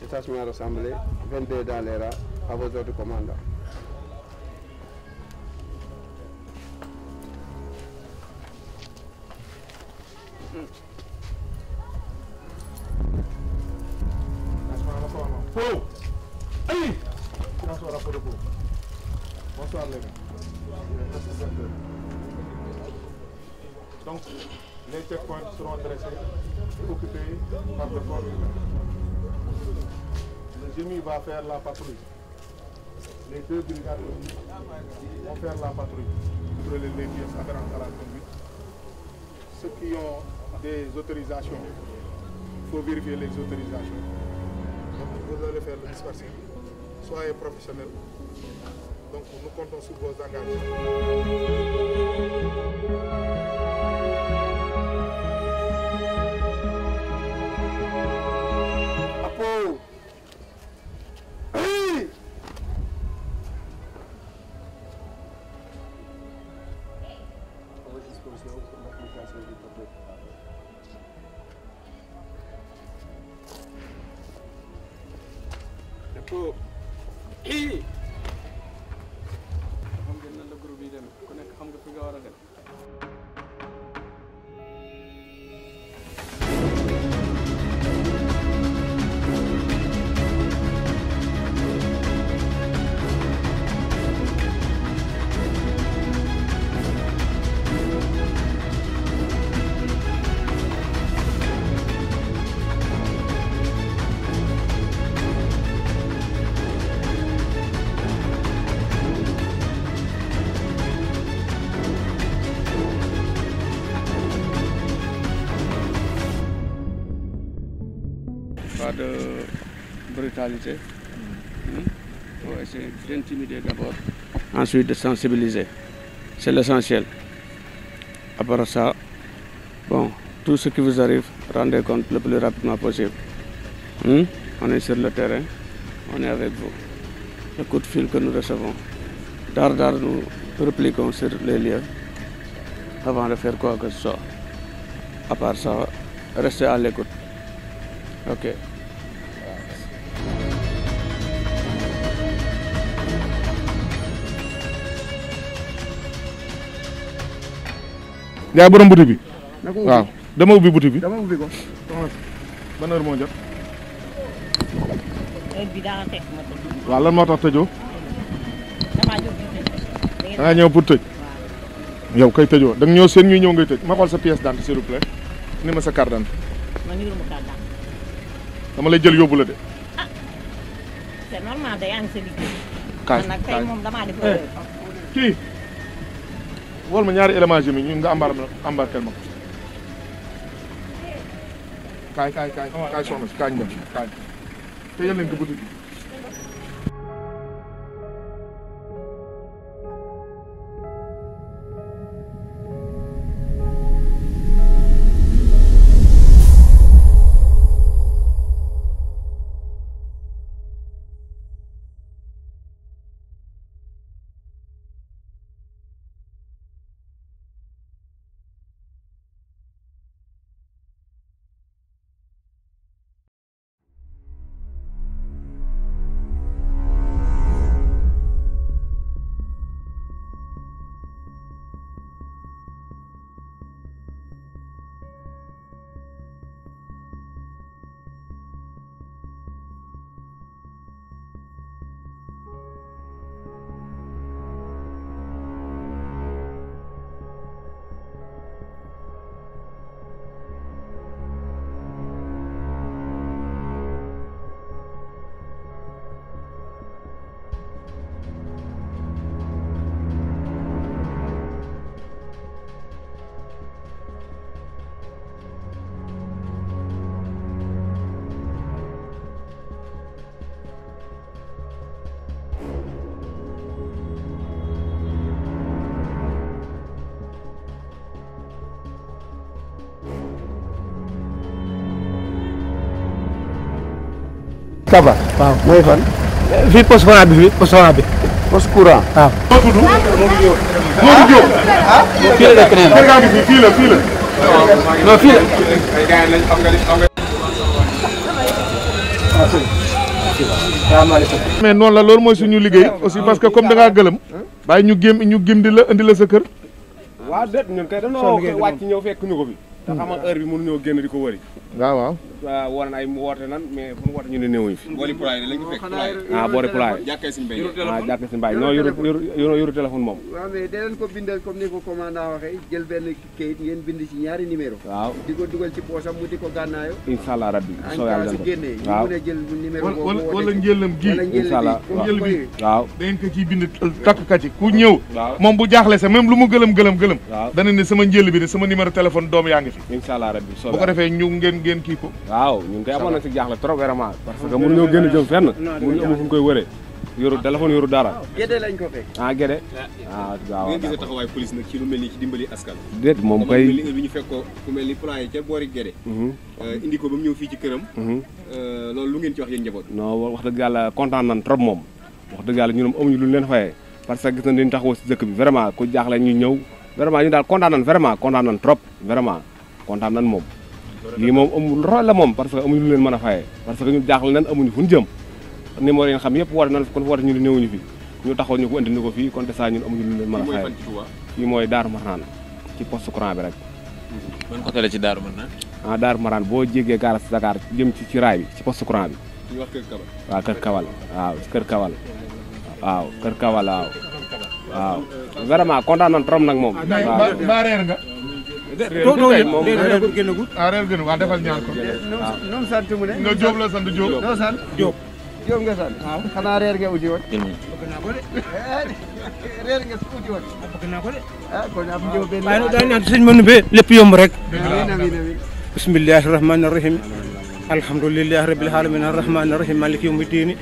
Détachement rassemblé, 22 dans les rats, à vos ordres commandants. annonce, les checkpoints seront dressés et occupés par le corps humain. Le GMI va faire la patrouille. Les deux brigades vont faire la patrouille pour les pièces afférentes à la conduite. Ceux qui ont des autorisations, il faut vérifier les autorisations. Donc vous allez faire le disperser. Soyez professionnels. Donc nous comptons commission pour l'application du protocole. D'accord. Et pas de brutalité. Hmm? ensuite de sensibiliser. C'est l'essentiel. À part ça, tout ce qui vous arrive, rendez compte le plus rapidement possible. Hmm? On est sur le terrain, on est avec vous. Le coup de fil que nous recevons, d'art d'art, nous repliquons sur les lieux avant de faire quoi que ce soit. À part ça, restez à l'écoute. yaay borom boutique bi. waaw dama ubbi boutique bi. dama ubbi ko. waaw lan moo tax tëjoo. da nga ñëw pour tëj. yow kay tëjoo da ñëw seen ñuy tëj ma xool sa pièce d'identité s'il vous plaît ni ma sa carte d'identité. dama lay jël yóbbu la de. ah c'est normal wol ma ñaari élément jeunes ñun nga embar embarquer ma ko. kaay kaay kaay kaay soxna si kaay ñu dem kaay. te yal nañu ko bëgg Kaba. waaw mooy fan. fii poste courant bi fii poste courant bi. poste courant. waaw. moo tudd Modou Diop. fii la fii la mais noonu la loolu mooy suñu liggéey aussi parce que comme da ngaa gëlëm bàyyi ñu gém ñu gém di la indi sa kër. waaw déet ko bi. te xam nga génn di ko wëri waaw waaw war na ay woote nan mais bu mu woote ñu ne néewuñu fi boori pulaay lañu fekk pulaay ah boori jàkkee suñu mbay jàkkee suñu mbay ko bindal comme ni ko commandant waxee jël benn kayit waaw di ko dugal ci poosam mu di a jël numéro boobu wala njëlam gi inshallah njël bi waaw da ngeen ko ciy bind takkat yi ku ñëw moom bu jaaxle sa même lu mu gëlëm gëlëm gëlëm dana ne sama njël bi ne sama numéro téléphone doom yaa ngi fi incha allah rabbi bu ko defee ñu ngeen ngeen kii ko waaw ñu ngi koy jaaxle trop vraiment parce que mënu ñoo gën a jëm fenn mënu amul fu koy wëree yoru téléphone yoru dara ah, gédé lañ ko fekk ah gédé ah, ah waaw ngeen gisee ci mel ni ci dimbali askan déet moom kay ñu fekk ko ku ni plan yi ca boori mhm. euh, ko ba mu ñëw fii ci këram mhm. euh, loolu lu ngeen ci wax yéen njaboot non wax dëgg yàlla kontaan nan trop moom wax dëgg ñu ñun amuñu lu leen fayee parce que gis nañ dañu taxawoo si dëkk bi vraiment ku jaaxle ñu ñëw vraiment ñu daal kontaan nan vraiment kontaan nan trop vraiment kontaan nan moom lii moom amul rol la moom parce que amuñu lu leen mën a fayee parce que ñu jaaxle nan amuñu fu ñu jëm numéro yi xam yëpp woote nan ñu ne néewuñu fi ñu ñu ko indi ko fii kon de saa ñun amuñu lu leen mën a fayee fii mooy Daaru Marnaan ci poste courant bi rek ban ah, boo jégee gaara si Dakar jëm ci ci raay bi ci poste courant bi waaw kër Kawal waaw kër Kawal waaw kër Kawal waaw waaw vraiment kontaan nan trop nag moom waaw ah, doo doo yéen moom réer bu génnagul. ah réer génn waaw defal ñaan ko. non sant mu ne. nga Diop la sant Diop. noo sant Diop. Diop nga sant. waaw xanaa réer nga uti woon. bëgg naa ko de. Eh, réer nga uti woon. bëgg naa ko de. ah kon am Diop benn. waaye nag daañu naan sëñ mënu be lépp yomb rek. bismillahi rahmaani rahim alhamdulillahi rabbil alamin arrahmani arrahim maliki yawmi dini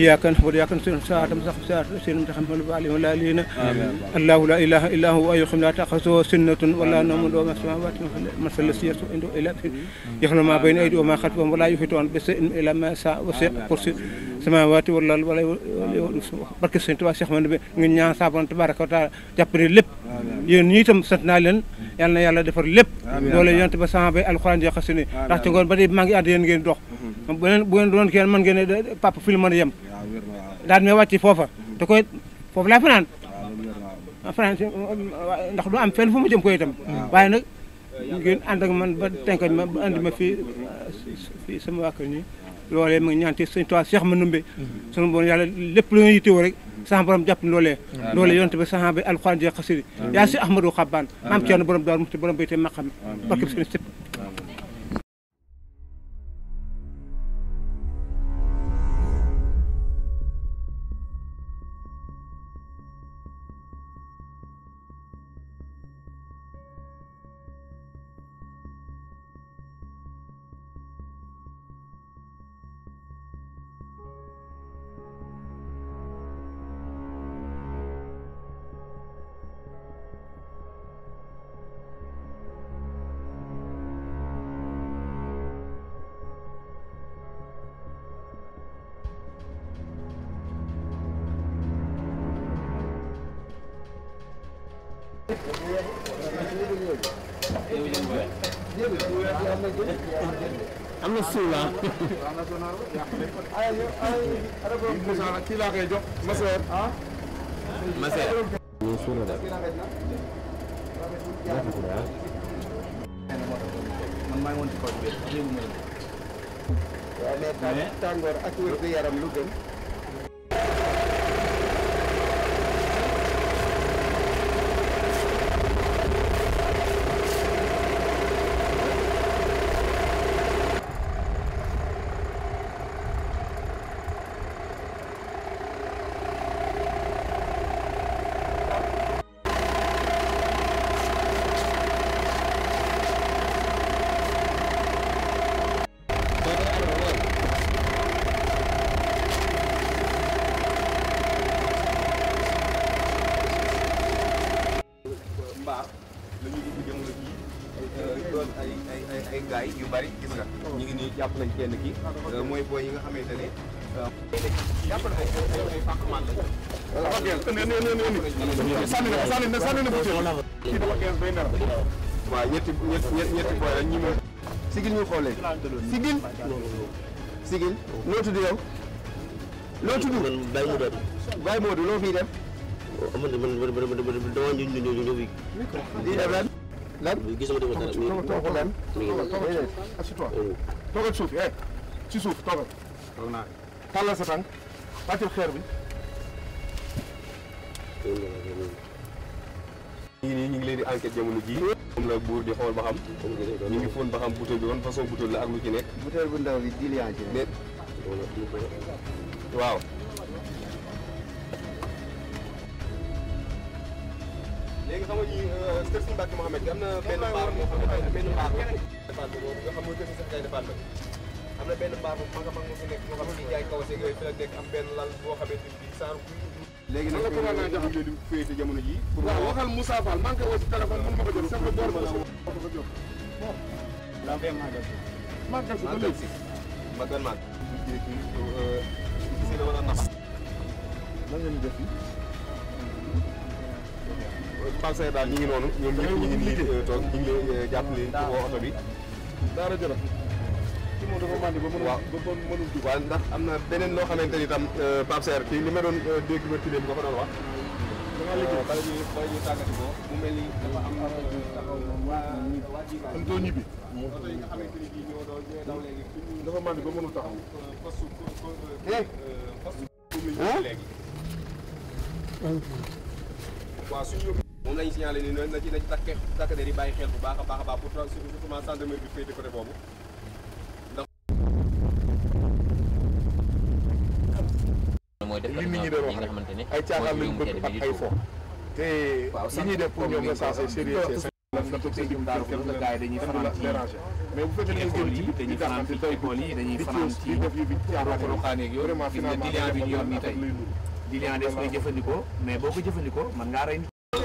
iyyaka na'budu wa iyyaka nasta'in siraatal mustaqiim siraatal laziina an'amta allahu la ilaha illa huwa yuhyi la ta'khudhuhu sinatun wa la nawmun lahu ma fis samawati wa ma fil ardi masalu shay'in indahu illa bi ya'lamu ma bayna aydihim wa ma khalfahum wa la yuhituna bi shay'in illa ma sha'a wa wasi'a kursiyuhu samawati wal ardi wa la barke Sëñ Tuubaa Cheikh Mande bi ngeen ñaan sa Boroom tabaraka wa taala jàpp ne lépp yéen ñi itam sant naa leen yal na yàlla defar lépp doole yonte ba sama bay alxuraan yoo xas ne ndax ci ngoon ba tey maa ngi ànd yéen ngeen dox mm-hmm. bu leen doon kenn mën ngeen ne papa fi lu mën yem foofa mm-hmm. te koy foofu laa fanaan ah, ndax du am fenn fu ma jëm koy itam waaye nag ngeen ànd ak man ba tenkoñ ba andi ma fi fii sama wàkkal nii loolee ma ngi ñaan ma numbe mm-hmm. sunu bon lépp lu ngeen rek sax borom jàpp loolee loolee yonte bi saxan bi alxuraan ji xasiri yaa si ahmadou xabbaan maam ceerno borom daar musti borom béyte maqam barke bi seen sëpp am na suul ah. kii laa koy jox Maseer. Maseer. ñu suul la ah. ak wér gu yaram lu kenn ki euh, mooy booy yi nga xamante ne. jàppale ko ay fàqman la. dafa gën sànni na sànni na sànni na bu tëj. kii dafa gën bay nar. waaw ñetti ñetti ñetti booy la ñi moom. sigil ñu xoolee. sigil. sigil noo tudd yow. loo tudd man Baye Modou. Baye Modou loo fiy def. man man man man damaa ñu ñu ñu ñu ñu lan lan gisuma dama dara. mi ngi toogal suuf eh ci suuf toogal. toog naa tàllal sa tànk wàccal xeer bi. ñu ngi leen di enquête jamono jii. moom la buur di xool ba xam. ñu ngi fóon ba xam butéel bi wan façon butéel la ak lu ci nekk. bu ndaw bi di lien ci nekk. waaw. léegi xam nga euh, Fall ba boobu nga xam mooy kër sax Gaynde Fall ba am na benn mbaar bu mag a mag mu fi nekk moo xam ne jaay kaw seeg yooyu fi la nekk am benn lal boo xamante ni saan kuy léegi nag ko war naa jox lu féete jamono ji waaw waxal Moussa Fall maa ngi koy woo si téléphone mënu ma ko jot sax ba boor ma la woo ko ko jot la fee màggal si màggal si ba léegi màggal màgg si la war a nax lan ngeen def Mbal Seye daal ñu ngi noonu ñoom ñëpp ñu ngi nii toog ñu ngi eh, jàppale ci woo oto bi daara jara ci moom dafa màndi ba mënul ba waaw ndax am na beneen loo xamante ni tam euh, Pape Serre li ma doon euh, dégg ba ci démb nga fa doon wax dangaa liggéey bala ñuy bala ñuy tàggati ko mu mel ni dafa am am euh, doo ñibbi oto yi nga xamante léegi dafa moom nii noonu a baax a baax pour surtout ma gendarmerie bi féete côté boobu ndax mooy def li nit ñi ay caaxaan lañ bëgg ak ay fo te li ñuy def pour ñoom nga sensé sérieux mais bu dañuy fanaan ci toy yi dañuy fanaan ci li def yi bi caaxaan lu xaanee vraiment finalement jëfandikoo mais boo ko jëfandikoo mën ngaa rey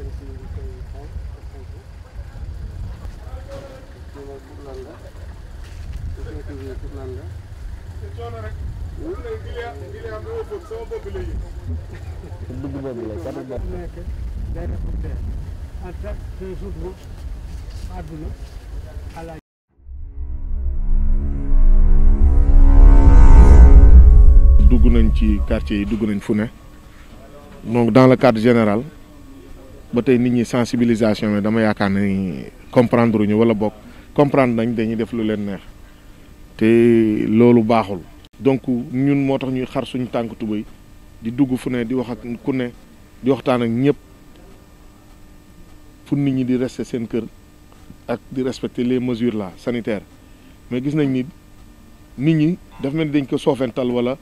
si dugg nañ ci quartier yi dugg nañ fu ne donc dans le cadre général ba tey nit ñi sensibilisation bi dama yaakaar ni comprendre ñu wala bokk comprendre nañ dañuy def lu leen neex te loolu baaxul. donc ñun moo tax ñuy xar suñu tànk tubéy di dugg fu ne di wax ak ku ne di waxtaan ak ñëpp pour nit ñi di rester seen kër ak di respecter les mesure la sanitaires mais gis nañ ni nit ñi dafa mel dañ ko soofental wala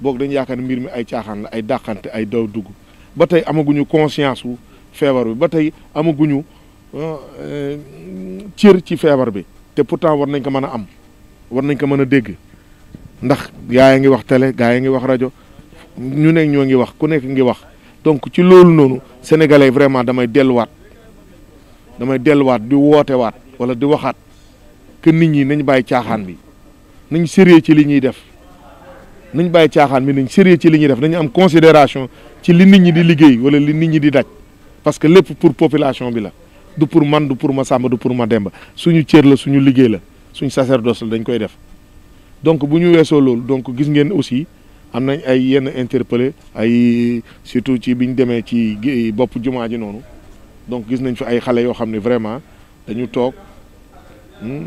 boog dañ yaakaar ne mbir mi ay caaxaan la ay dàqante ay daw dugg ba tey amaguñu conscience wu. feebar bi ba tey amaguñu euh, cër ci feebar bi te pourtant war nañ ko mën a am war nañ ko mën a dégg ndax gaa yi ngi wax tele gaa yi ngi wax rajo ñu nekk ñoo ngi wax ku nekk ngi wax donc ci loolu noonu sénégalais vraiment damay delluwaat damay delluwaat di wootewaat wala di waxaat que nit ñi nañ bàyyi caaxaan bi nañ sérieux ci li ñuy def nañ bàyyi caaxaan bi nañ sérieux ci li ñuy def nañ am considération ci li nit ñi di liggéey wala li nit ñi di daj parce que lépp pour population bi la du pour man du pour ma sàmba du pour ma demba suñu cër la suñu liggéey la suñu sacerdoce la dañ koy def donc bu ñu weesoo loolu donc gis ngeen aussi am nañ ay yenn interpellé ay surtout ci bi ñu demee ci bopp jumaa ji noonu donc gis nañ fi ay xale yoo xam ne vraiment dañu toog hmm,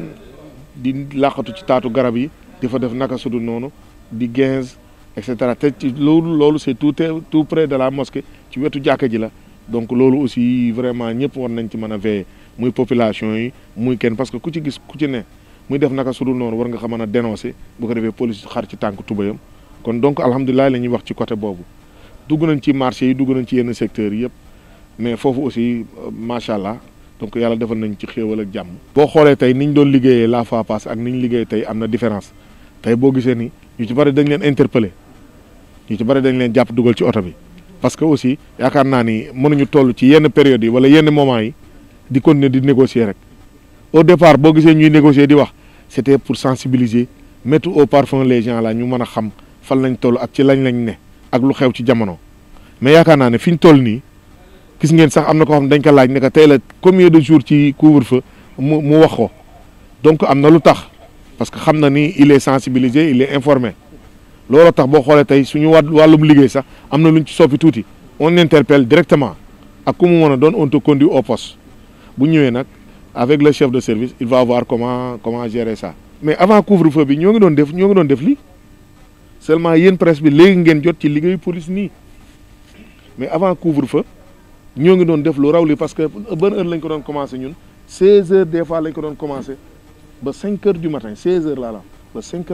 di làqatu ci taatu garab yi di fa def naka sudul noonu di guinze et cetera te ci loolu loolu c'est tout tout près de la mosquée ci wetu jàkk ji la donc loolu aussi vraiment ñëpp war nañ ci mën a veiller muy population yi muy kenn parce que ku ci gis ku ci ne muy def naka su dul noonu war nga xam a dénoncer bu ko defee police xar ci tànk tubayam kon donc alhamdulilah la ñuy wax ci côté boobu dugg nañ ci marché yi dugg nañ ci yenn secteurs yëpp mais foofu aussi euh, macha allah donc yàlla defal nañ ci xéewal ak jàmm. boo xoolee tey ni ñu doon liggéeyee la fois passée ak ni ñu liggéey tey am na différence tey boo gisee ni ñu ci bari dañ leen interpeller ñu ci bari dañ leen jàpp dugal ci oto bi. parce que aussi yaakaar naa ni mënuñu toll ci yenn période yi wala yenn moment yi di continuer di négocier rek au départ boo gisee ñuy négocier di wax c'était pour sensibiliser mettre au parfum les gens là ñu mën a xam fan lañ toll ak ci lañ lañ ne ak lu xew ci jamono mais yaakaar naa ne fi ñu toll nii gis ngeen sax am na ko xam dañ ko laaj ne que tey la combien de jours ci couvre-feu mu mu wax ko donc am na lu tax parce que xam na ni il est sensibilisé il est looloo tax boo xoolee tey suñu wàllum liggéey sax am na luñ ci soppi tuuti on interpelle directement ak ku mu mën a doon on te conduit au poste bu ñëwee nag avec le chef de service il va voir comment comment gérer ça. mais avant couvre-feu bi ñoo ngi doon def ñoo ngi doon def lii seulement yéen presse bi léegi ngeen jot ci liggéeyu police nii mais avant couvre-feu ñoo ngi doon def lu raw li parce que ban heure lañ ko doon commencé ñun 16 heures des fois lañ ko doon commencé ba 5 heures du matin 16 heures la ba 5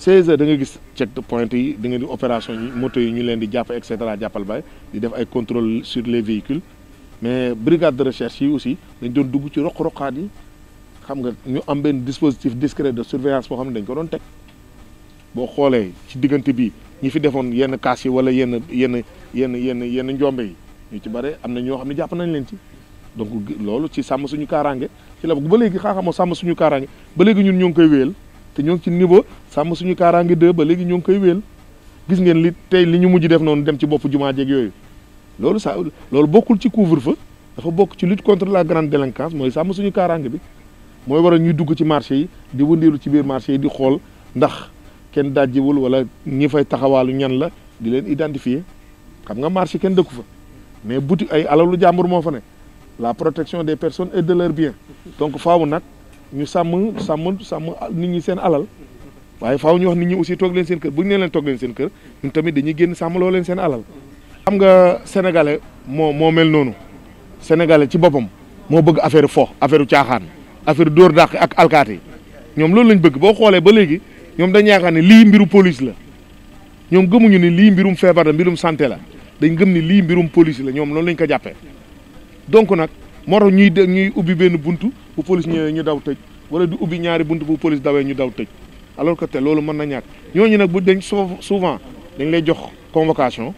16 heures da nga gis check point yi da nga di opération yi moto yi ñu leen di jàpp et cetera jàppal bay di def ay contrôle sur les véhicules mais brigade de recherche yi aussi dañ doon dugg ci roq-roqaat yi xam nga ñu am benn dispositif discret de surveillance boo xam ne dañ ko doon teg boo xoolee ci diggante bi ñi fi defoon yenn kaas yi wala yenn yenn yenn yenn yenn njombe yi ñu ci bare am na ñoo xam ne jàpp nañ leen ci donc loolu ci sàmm suñu kaaraange ci la ba léegi xaaxamoo sàmm suñu kaaraange ba léegi ñun ñoo ngi koy wéyal te ñoo ngi ci niveau sàmm suñu kaaraange deux ba léegi ñoo ngi koy wéel gis ngeen li tey li ñu mujj def noonu dem ci bopp jumaa jeg yooyu loolu sa loolu bokkul ci couvre fa dafa bokk ci lut contre la grande délinquance mooy sàmm suñu kaaraange bi mooy waral ñuy dugg ci marché yi di wëndeelu ci biir marché yi di xool ndax kenn dajjiwul wala ñi fay taxawaalu ñan la di leen identifier xam nga marché kenn dëkku fa mais buti ay alalu jàmbur moo fa ne la protection des personnes et de leurs biens donc faaw nag ñu sàmm sàmm sàmm nit ñi seen alal waaye faaw ñu wax nit ñi aussi toog leen seen kër bu ñu nee leen toog leen seen kër ñun tamit dañuy génn sàmm loo leen seen alal. xam nga sénégalais moo moo mel noonu sénégalais ci boppam moo bëgg affaire fo affaire caaxaan affaire dóor dàq ak alkaati ñoom loolu lañ bëgg boo xoolee ba léegi ñoom dañ yaakaar ne lii mbiru police la ñoom gëmuñu ni lii mbirum feebar la mbirum sante la dañ gëm ni lii mbirum police la ñoom loolu lañ ko jàppee donc nag moo tax ñuy ñuy ubbi benn buntu. bu police ñu daw tëj wala du ubbi ñaari bunt bu police dawee ñu daw tëj alors que te loolu mën na ñàkk ñooñu nag bu dañ souvent dañ lay jox convocation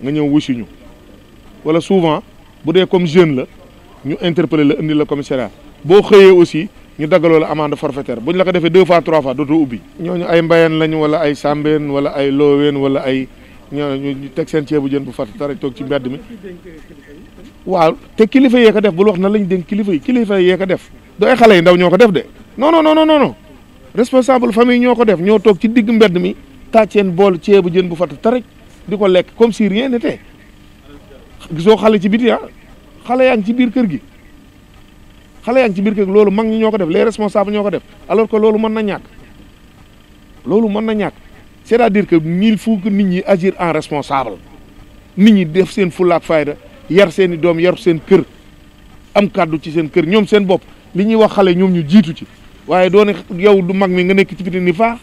nga ñëw wusi ñu wala souvent bu dee comme jeune la ñu interpeller la indi la commissariat boo xëyee aussi ñu daggaloo la amende forfaitaire bu ñu la ko defee deux fois trois fois dootoo ubbi ñooñu ay mbayeen lañ wala ay sàmbeen wala ay looween wala ay ñooñu ñu teg seen ceebu jën bu fàtt tara toog ci mbedd mi waaw te kilifa yee def bul wax na lañ dénk kilifa yi kilifa yee ko def dooy xale yi ndaw ñoo ko def de non non non non responsable famille ñoo ko def ñoo toog ci digg mbedd mi taaj seen bool ceebu jën bu fàtt tara di ko lekk comme si rien n'était gisoo xale ci biti ah xale yaa ngi ci biir kër gi xale yaa ngi ci biir kër gi loolu mag ñi ñoo ko def les responsables ñoo ko def alors que loolu mën na ñàkk loolu mën na ñàkk c'est-à-dire que il faut que nit ñi agir en responsable nit ñi def seen fulla ak fayda yar seen i doom yar seen kër am kàddu ci seen kër ñoom seen bopp li ñuy wax xale ñoom ñu jiitu ci waaye doone yow du mag mi nga nekk ci biti ni faa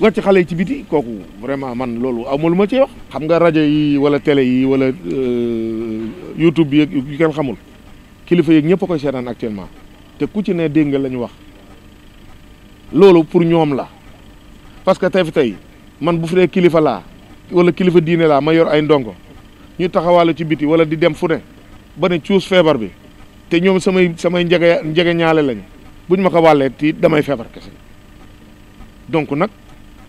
wàcc xale yi ci biti kooku vraiment man loolu amul ma ci wax. xam nga rajo yi wala télé yi wala euh, YouTube bi yu kenn xamul kilifa yeeg ñëpp koy seetaan actuellement te ku ci ne dégg nga la ñu wax loolu pour ñoom la. parce que tey fi tey man bu fi kilifa laa wala kilifa diine laa ma yor ay ndongo ñu taxawaalu ci biti wala di dem fune ba ne cuus feebar bi te ñoom samay samay njege njege ñaale lañ buñ ma ko wàllee ti damay feebar kese donc nag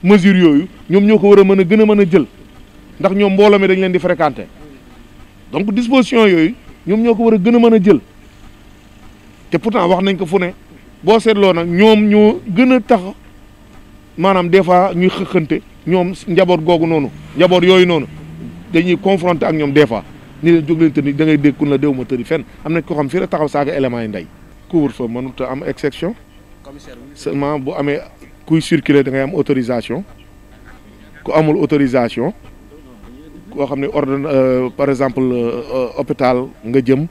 mesure yooyu ñoom ñoo ko war a mën a gën a mën a jël ndax ñoom mbooloo mi dañ leen di fréquenter donc disposition yooyu ñoom ñoo ko war a gën a mën a jël te pourtant wax nañ ko fu ne boo seetloo nag ñoom ñoo gën a tax maanaam des fois ñuy xëqante ñoom njaboot googu noonu njaboot yooyu noonu dañuy confronter ak ñoom des fois ni leen jóg da ngay dégg ku ne la déw ma tëdd fenn am na ko xam fii la taxaw saaga éléments yi ndey. couvre-feu mënut a am exception seulement bu amee kuy circuler da ngay am autorisation ku amul autorisation koo xam ne ordre euh, par exemple euh, euh, hôpital nga jëm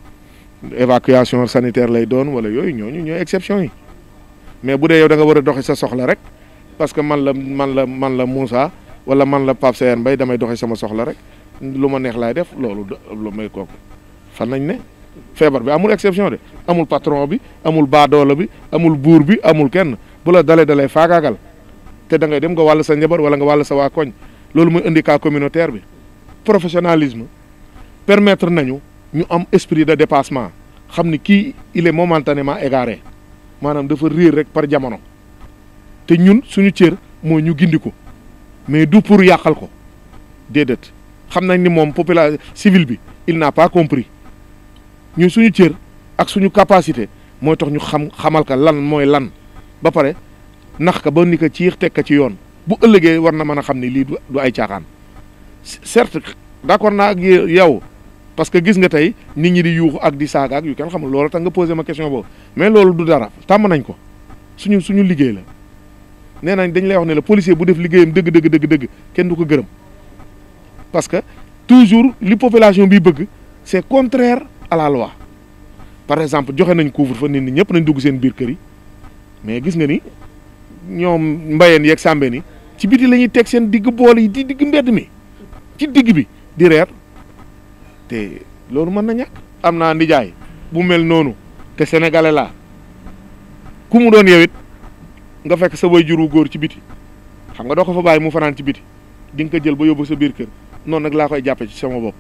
évacuation sanitaire lay doon wala yooyu ñooñu ñooy exception yi mais bu dee yow da nga war a doxi sa soxla rek. parce que man la man la man la Moussa wala man la Pape Seyane Mbaye damay doxee sama soxla rek lu ma neex laay def loolu lu may kooku fan nañ ne feebar bi amul exception de amul patron bi amul baadoola bi amul buur bi amul kenn bu la dalee dalee faagaagal te da ngay dem nga wàll sa njabar wala nga wàll sa waa koñ loolu mooy indi cas communautaire bi professionalisme permettre nañu ñu am esprit de dépassement xam ni kii il est momentanément égaré maanaam dafa réer rek par jamono te ñun suñu cër mooy ñu gindi ko mais du pour yàqal ko déedéet xam nañ ni moom population civile bi il n'a pas compris ñun suñu cër ak suñu capacité mooy tax ñu xam xamal ka lan mooy lan ba pare nax ka ba ni ko ciix teg ka ci yoon bu ëllëgee war na mën a xam ni lii du ay caaxaan certes d'accord naa ak yow parce que gis nga tey nit ñu di yuuxu ak di saaga ak yu kenn xamul loolu tax nga posé ma question boobu mais loolu du dara tàmm nañ ko suñu suñu liggéey la nee nañ dañ lay wax ne la bu def liggéeyam dëgg dëgg dëgg dëgg kenn du ko gërëm parce que toujours li population bi bëgg c'est contraire à la loi par exemple joxe nañ couvre-feu nit ñi ñëpp nañ dugg seen biir kër mais gis nga ni ñoom mbayeen yeeg sàmbeen ni ci biti lañuy teg seen digg bool yi di digg mbedd mi ci digg bi di reer te loolu mën na ñàkk am naa nijaay bu mel noonu te sénégalais laa ku mu doon yow nga fekk sa way juru góor ci biti xam nga doo ko fa bàyyi mu fanaan ci biti di nga ko jël ba yóbbu sa biir kër noonu nag laa koy jàppe ci sama bopp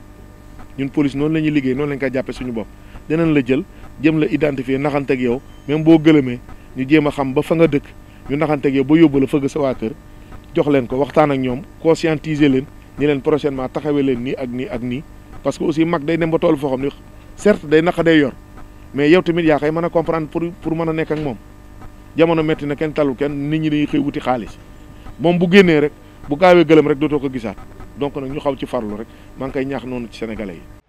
ñun police noonu la ñuy liggéey noonu la ñu koy jàppe suñu bopp dinañ la jël jëm la identifier naxante ak yow même boo gëlëmee ñu jéem a xam ba fa nga dëkk ñu naxante ak yow ba yóbbu la fëgg sa waa kër jox leen ko waxtaan ak ñoom conscientiser leen ni leen prochainement taxawee leen nii ak nii ak nii parce que aussi mag day dem ba tool foo xam day naqa day yor mais yow tamit yaa koy mën a comprendre pour pour mën a nekk moom jamono métti na kenn talul kenn nit ñi dañuy xëy wuti xaalis moom bu génnee rek bu gaawee gëlëm rek dootoo ko gisaat donc nag ñu xaw ci farlu rek maa ngi koy ñaax noonu ci sénégalais yi